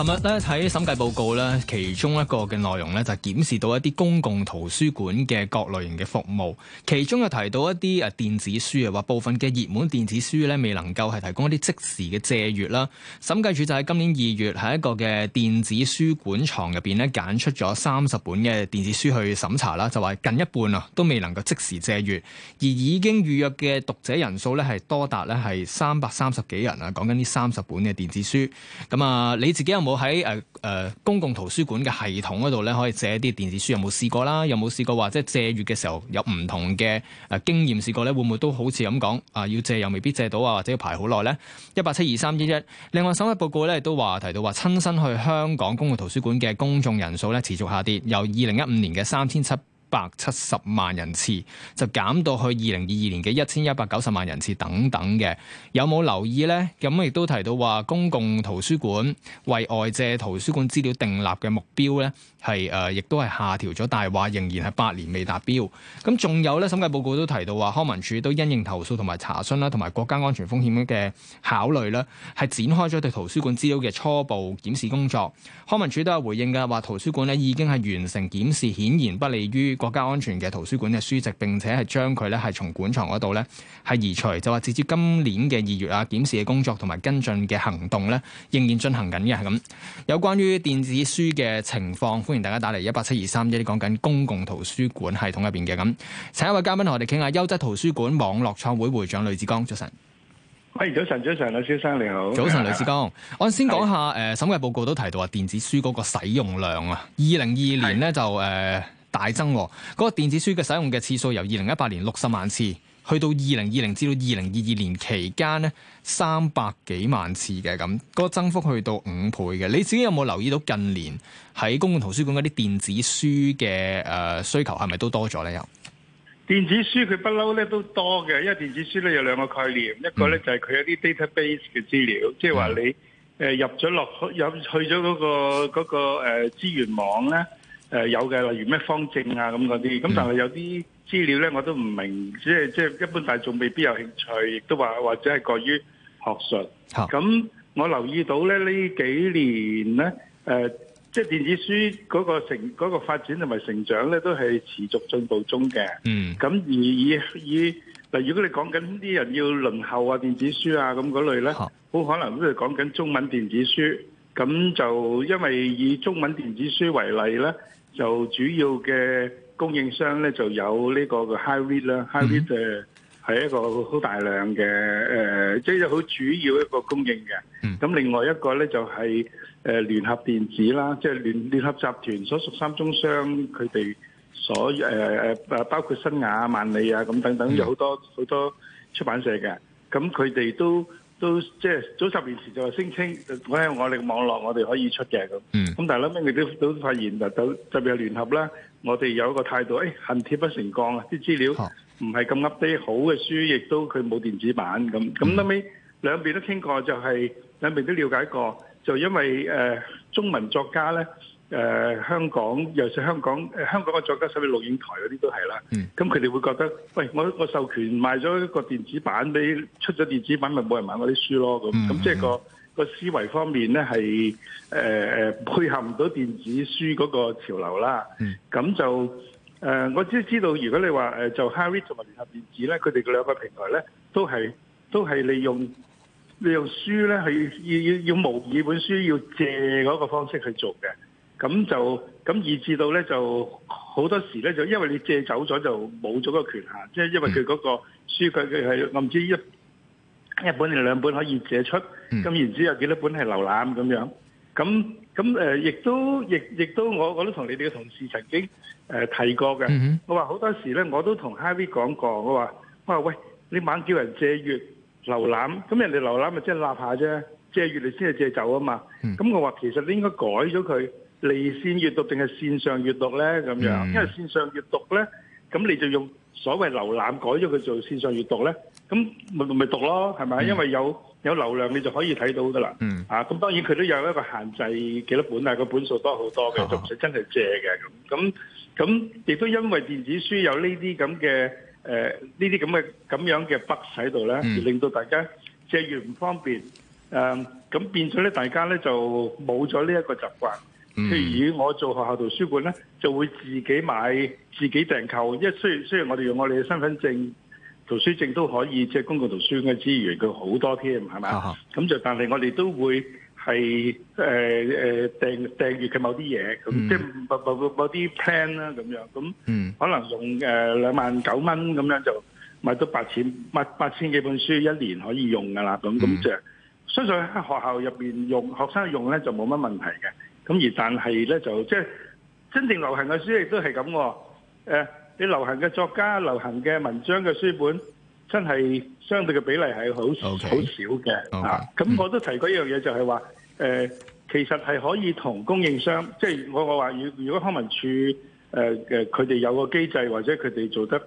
今日咧睇審計報告咧，其中一個嘅內容咧就檢檢視到一啲公共圖書館嘅各類型嘅服務，其中又提到一啲誒電子書啊，話部分嘅熱門電子書咧未能夠係提供一啲即時嘅借閲啦。審計署就喺今年二月喺一個嘅電子書館藏入面咧揀出咗三十本嘅電子書去審查啦，就話近一半啊都未能夠即時借閲，而已經預約嘅讀者人數咧係多達咧係三百三十幾人啊，講緊呢三十本嘅電子書。咁啊，你自己有冇？我喺誒誒公共圖書館嘅系統嗰度咧，可以借一啲電子書，有冇試過啦？有冇試過或者借閲嘅時候有唔同嘅誒、呃、經驗試過咧？會唔會都好似咁講啊？要借又未必借到啊，或者要排好耐咧？一八七二三一一。另外，審計報告咧亦都話提到話，親身去香港公共圖書館嘅公眾人數咧持續下跌，由二零一五年嘅三千七百七十萬人次就減到去二零二二年嘅一千一百九十萬人次等等嘅，有冇留意呢？咁亦都提到話，公共圖書館為外借圖書館資料訂立嘅目標呢，係誒，亦、呃、都係下調咗，但係話仍然係八年未達標。咁仲有呢？審計報告都提到話，康文署都因應投訴同埋查詢啦，同埋國家安全風險嘅考慮咧，係展開咗對圖書館資料嘅初步檢視工作。康文署都有回應嘅，話圖書館呢已經係完成檢視，顯然不利於國家安全嘅圖書館嘅書籍，並且係將佢咧係從館藏嗰度咧係移除，就話截至今年嘅二月啊，檢視嘅工作同埋跟進嘅行動咧仍然進行緊嘅咁。有關於電子書嘅情況，歡迎大家打嚟一八七二三一，啲講緊公共圖書館系統入邊嘅咁。請一位嘉賓同我哋傾下優質圖書館網絡創會會長呂志剛，早晨。喂，早晨。早晨，呂先生你好。早晨，呂志剛。的我先講下，誒、呃，審計報告都提到話電子書嗰個使用量啊，二零二二年咧的就誒。呃大增，嗰個電子書嘅使用嘅次數由二零一八年六十萬次，去到二零二零至到二零二二年期間呢，三百幾萬次嘅咁，嗰、嗰個增幅去到五倍嘅。你自己有冇留意到近年喺公共圖書館嗰啲電子書嘅誒、呃、需求係咪都多咗呢？又電子書佢不嬲咧都多嘅，因為電子書咧有兩個概念，嗯、一個咧就係佢有啲 database 嘅資料，即係話你誒入咗落去、嗰個，入去咗嗰個嗰個誒資源網咧。誒、呃、有嘅，例如咩方正啊咁嗰啲，咁但係有啲資料咧我都唔明，即係即係一般大眾未必有興趣，亦都話或者係過於學術。咁、嗯、我留意到咧呢這幾年咧，誒、呃、即係電子書嗰個成嗰、那個發展同埋成長咧都係持續進步中嘅。嗯，咁而以以嗱、呃，如果你講緊啲人要輪候啊電子書啊咁嗰類咧，好、嗯、可能都係講緊中文電子書。咁就因為以中文電子書為例咧，就主要嘅供應商咧就有呢個嘅 High Read 啦，High Read 嘅係一個好大量嘅誒，即係好主要一個供應嘅。咁另外一個咧就係誒聯合電子啦，即係聯聯合集團所屬三中商佢哋所誒誒，包括新雅啊、萬里啊咁等等，有好多好多出版社嘅，咁佢哋都。都即係早十年前就係聲稱，我喺我哋嘅網絡，我哋可以出嘅咁。咁、嗯、但係咧，後屘你都都發現就就特別係聯合啦，我哋有一個態度，誒恨鐵不成鋼啊！啲資料唔係咁 update，好嘅書亦都佢冇電子版咁。咁、嗯、後屘兩邊都傾過，就係兩邊都了解過，就因為誒、呃、中文作家咧。誒、呃、香港，尤其是香港，誒、呃、香港嘅作家，甚至錄影台嗰啲都係啦。咁佢哋會覺得，喂，我我授權賣咗個電子版俾出咗電子版，咪冇人買我啲書咯。咁咁、嗯、即係個、嗯、個思維方面咧係誒誒配合唔到電子書嗰個潮流啦。咁、嗯、就誒、呃，我只知道，如果你話誒，就 Harry 同埋聯合電子咧，佢哋兩個平台咧都係都係利用利用書咧去要要要模擬本書要借嗰個方式去做嘅。咁就咁以至到咧，就好多時咧就因為你借走咗就冇咗個權限，即係、嗯、因為佢嗰個書佢係我唔知一,一本定兩本可以借出，咁、嗯、然之後有幾多本係瀏覽咁樣，咁咁、呃、亦都亦亦都我我都同你哋嘅同事曾經誒、呃、提過嘅、嗯，我話好多時咧我都同 Harvey 講過，我話喂，你猛叫人借閱瀏覽，咁人哋瀏覽咪即係立下啫，借閱你先係借走啊嘛，咁、嗯、我話其實你應該改咗佢。離線閱讀定係線上閱讀咧咁樣，嗯、因為線上閱讀咧，咁你就用所謂瀏覽改咗佢做線上閱讀咧，咁咪咪讀咯，係咪？嗯、因為有有流量，你就可以睇到噶啦。嗯、啊，咁當然佢都有一個限制幾多本啊，個本數多好多嘅，就唔使真係借嘅咁咁咁，亦都因為電子書有呢啲咁嘅誒呢啲咁嘅咁樣嘅 bug 喺度咧，令到大家借閱唔方便，誒、呃、咁變咗咧，大家咧就冇咗呢一個習慣。譬如我做學校圖書館咧，就會自己買、自己訂購。因為雖然雖然我哋用我哋嘅身份證、圖書證都可以，即係公共圖書館嘅資源，佢好多添，係嘛？咁、啊、就但係我哋都會係誒誒訂訂閱嘅某啲嘢，咁、嗯、即係某某某啲 plan 啦，咁樣咁，嗯、可能用誒兩萬九蚊咁樣就買到八千八八千幾本書一年可以用㗎啦。咁咁即係相信喺學校入邊用學生用咧就冇乜問題嘅。咁而但係咧，就即係真正流行嘅書亦都係咁喎。誒，你流行嘅作家、流行嘅文章嘅書本，真係相對嘅比例係好 Okay. 少、好少嘅。啊，咁 Okay.、嗯、我都提過一樣嘢，就係話誒，其實係可以同供應商，即、就、係、是、我我話，如如果康文處誒誒，佢、呃、哋、呃、有個機制，或者佢哋做得、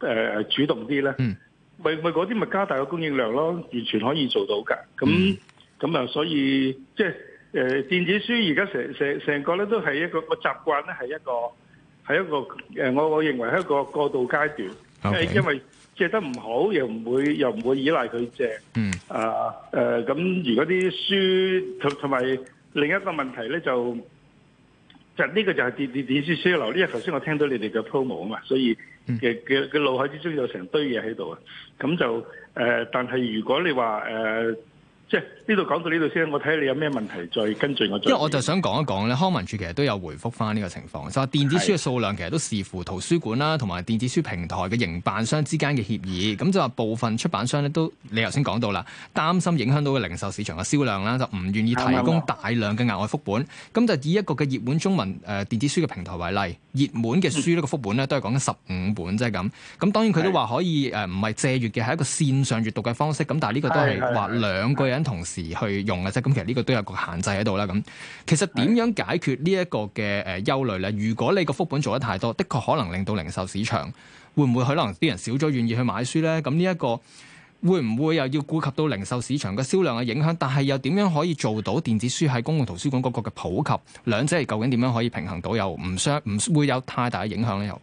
呃、主動啲咧，咪咪嗰啲咪加大個供應量咯，完全可以做到㗎。咁咁啊，所以即係。誒，電子書而家成成成個咧，都係一個個習慣咧，係一個係一個誒我我認為係一個過渡階段，因為 Okay. 因為借得唔好又唔會又唔會依賴佢借。嗯啊誒咁，如果啲書同同埋另一個問題咧，就就呢、呢個就係電電電子書流呢個頭先我聽到你哋嘅 promo 啊嘛，所以嘅嘅嘅腦海之中有成堆嘢喺度啊，咁就誒、呃、但係如果你話誒。呃即係呢度講到呢度先，我睇下你有咩問題再跟住我。因為我就想講一講咧，康文署其實都有回覆翻呢個情況，就話電子書嘅數量其實都視乎圖書館啦，同埋電子書平台嘅營辦商之間嘅協議。咁就話部分出版商咧都，你頭先講到啦，擔心影響到嘅零售市場嘅銷量啦，就唔願意提供大量嘅額外副本。咁就以一個嘅熱門中文誒電子書嘅平台為例，熱門嘅書呢個副本咧都係講緊十五本，即係咁。咁當然佢都話可以誒，唔係借閲嘅，係一個線上閲讀嘅方式。咁但係呢個都係話兩個人。同時去用嘅啫，咁其實呢個都有個限制喺度啦。咁其實點樣解決呢一個嘅誒憂慮咧？如果你個副本做得太多，的確可能令到零售市場會唔會可能啲人少咗，願意去買書咧？咁呢一個會唔會又要顧及到零售市場嘅銷量嘅影響？但係又點樣可以做到電子書喺公共圖書館嗰個嘅普及？兩者係究竟點樣可以平衡到又唔相唔會有太大嘅影響咧？又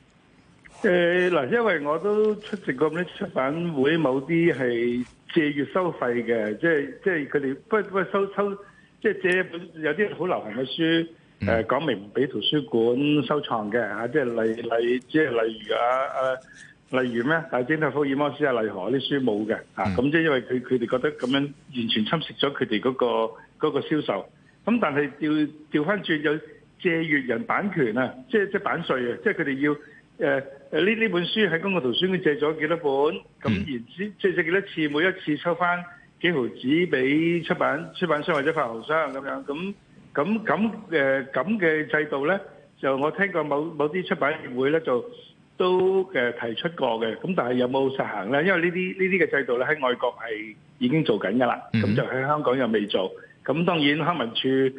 誒嗱，因為我都出席過啲出版會，某啲係。借閱收費嘅，即係即係佢哋不不收收，即係借一本有啲好流行嘅書，誒、呃、講明唔俾圖書館收藏嘅嚇，即係例例，即係例如啊啊，例如咩《大偵探福爾摩斯》啊，例如啲書冇嘅嚇，咁即係因為佢佢哋覺得咁樣完全侵蝕咗佢哋嗰個嗰個銷售，咁但係調調返轉有借閱人版權啊，即係即係版稅啊，即係佢哋要。誒誒呢呢本書喺公共圖書館借咗幾多本？咁然之借借幾多次？每一次抽翻幾毫紙俾出版出版商或者發行商，咁樣咁咁咁誒咁嘅制度咧，就我聽過某某啲出版協會咧就都誒提出過嘅。咁但係有冇實行咧？因為呢啲呢啲嘅制度咧喺外國係已經做緊㗎啦。咁就喺香港又未做。咁當然康文署誒。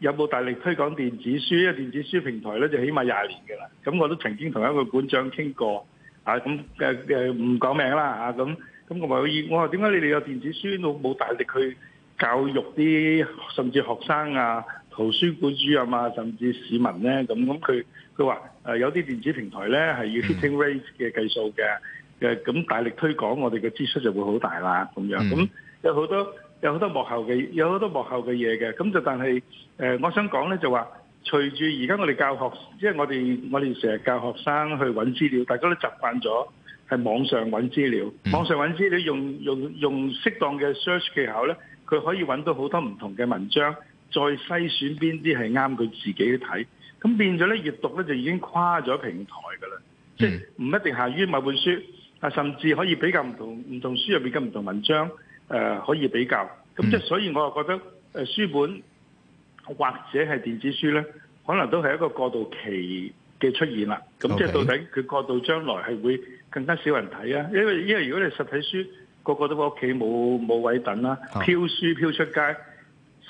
有冇大力推廣電子書？因為電子書平台咧就起碼廿年㗎啦。咁我都曾經同一個館長傾過，啊咁誒誒唔講名啦嚇咁。咁、啊、我意我話點解你哋有電子書書，冇大力去教育啲甚至學生啊、圖書館主任啊、甚至市民咧？咁咁佢佢話誒有啲電子平台咧係要 hitting rate 嘅計數嘅，誒咁、嗯、大力推廣我哋嘅支出就會好大啦咁樣。咁有好多。有好多幕後嘅有好多幕後嘅嘢嘅，咁就但係誒、呃，我想講咧就話，隨住而家我哋教學，即係我哋我哋成日教學生去揾資料，大家都習慣咗係網上揾資料，網上揾資料用用用，用適當嘅 search 技巧咧，佢可以揾到好多唔同嘅文章，再篩選邊啲係啱佢自己去睇，咁變咗咧，閱讀咧就已經跨咗平台噶啦，嗯、即係唔一定限於某本書，啊，甚至可以比較唔同唔同書入面嘅唔同文章。誒、呃、可以比較，咁即係所以我又覺得誒、呃、書本或者係電子書咧，可能都係一個過渡期嘅出現啦。咁即係到底佢過渡將來係會更加少人睇啊？因為因為如果你實體書個個都喺屋企冇冇位等啦、啊，Ah. 飄書飄出街。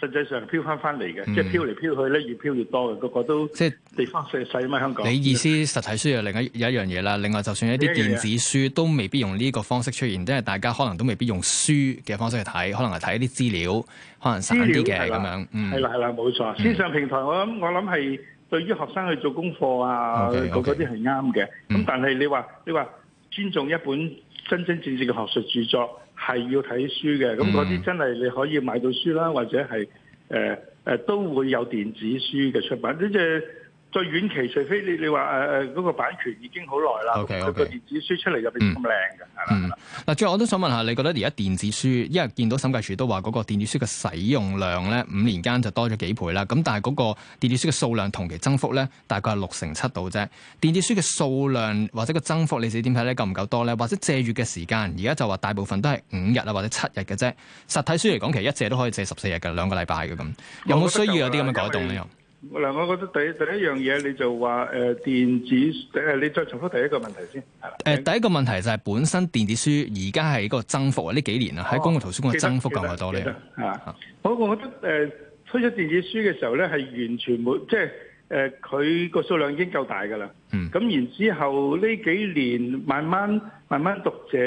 實際上漂翻翻嚟嘅，即係漂嚟漂去咧，越漂越多嘅，個個都即係地方細細啊嘛，香港。你意思實體書有另一有一樣嘢啦，另外就算一啲電子書都未必用呢個方式出現，即係大家可能都未必用書嘅方式去睇，可能係睇一啲資料，可能散啲嘅咁樣。嗯，係啦係啦，冇錯。線上平台我諗我諗係對於學生去做功課啊，嗰嗰啲係啱嘅。咁但係你話你話尊重一本真真正正嘅學術著作。係要睇書嘅，咁嗰啲真係你可以買到書啦，或者係誒、呃呃、都會有電子書嘅出版，呢隻。最遠期，除非你你話誒誒嗰個版權已經好耐啦，佢個 Okay, okay. 電子書出嚟入面咁靚嘅，係嗱、嗯嗯，最後我都想問下，你覺得而家電子書，因為見到審計處都話嗰個電子書嘅使用量咧，五年間就多咗幾倍啦。咁但係嗰個電子書嘅數量同期增幅咧，大概係六成七度啫。電子書嘅數量或者個增幅，你自己點睇咧？夠唔夠多咧？或者借閱嘅時間，而家就話大部分都係五日啊，或者七日嘅啫。實體書嚟講，其實一借都可以借十四日嘅，兩個禮拜嘅咁。有冇需要有啲咁嘅改動咧？嗱，我覺得第一第一樣嘢，你就話誒、呃、電子誒、呃，你再重複第一個問題先。誒、呃、第一個問題就係本身電子書而家係個增幅啊！呢幾年啊，喺、哦、公共圖書館嘅增幅咁加多咧。啊，我吧我覺得誒、呃、推出電子書嘅時候咧，係完全冇即係誒，佢、呃、個數量已經夠大噶啦。嗯。咁然之後呢幾年慢慢慢慢讀者，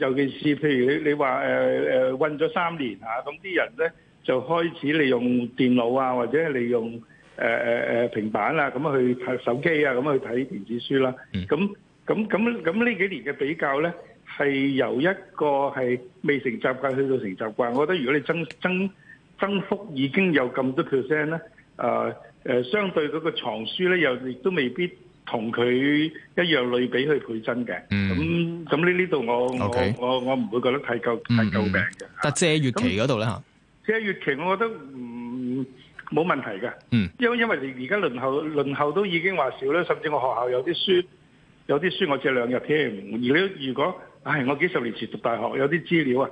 尤其是譬如你你話誒誒運咗三年嚇，咁、啊、啲人咧就開始利用電腦啊，或者係利用。誒誒誒平板啦，咁啊去睇手機啊，咁啊去睇電子書啦。咁咁咁咁呢幾年嘅比較咧，係由一個係未成習慣去到成習慣。我覺得如果你增增增幅已經有咁多 percent 咧，啊誒，相對嗰個藏書咧，又亦都未必同佢一樣類比去倍增嘅。咁咁呢呢度我我我我唔會覺得太夠太夠病嘅。但借閱期嗰度咧嚇？借閱期我覺得唔。冇問題嘅，因為因為而而家輪候輪候都已經話少啦。甚至我學校有啲書，有啲書我借兩日添。而如果如果，唉、哎，我幾十年前讀大學有啲資料啊，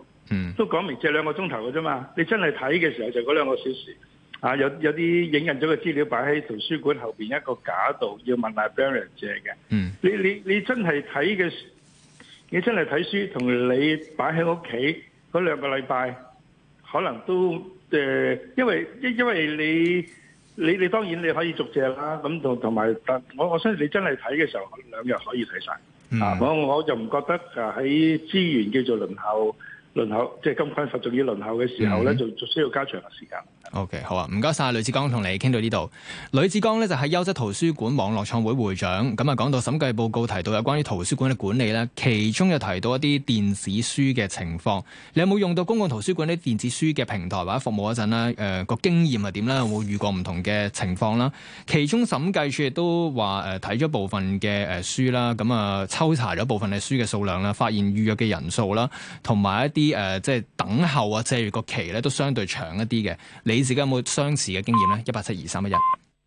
都講明借兩個鐘頭嘅啫嘛。你真係睇嘅時候就嗰兩個小時。啊，有有啲影印咗嘅資料擺喺圖書館後邊一個架度，要問阿 Bryan 借嘅。你你你真係睇嘅，你真係睇書同你擺喺屋企嗰兩個禮拜，可能都。誒，因為因因為你你你當然你可以續借啦，咁同同埋，但我我相信你真係睇嘅時候，兩日可以睇晒。嗱、嗯啊，我我就唔覺得啊，喺資源叫做輪候，輪候即係金昆實仲要輪候嘅時候咧，嗯、就需要加長嘅時間。O、okay, K，好啊，唔該晒。呂志剛同你傾到呢度。呂志剛咧就係優質圖書館網絡創會會長。咁啊，講到審計報告提到有關於圖書館嘅管理咧，其中又提到一啲電子書嘅情況。你有冇用到公共圖書館啲電子書嘅平台或者服務嗰陣咧？誒、呃，個經驗係點咧？有冇遇過唔同嘅情況啦？其中審計處亦都話誒睇咗部分嘅誒書啦，咁、嗯、啊抽查咗部分嘅書嘅數量啦，發現預約嘅人數啦，同埋一啲。啲、呃、即係等候啊，借閱個期咧，都相對長一啲嘅。你自己有冇相似嘅經驗咧？一八七二三一一。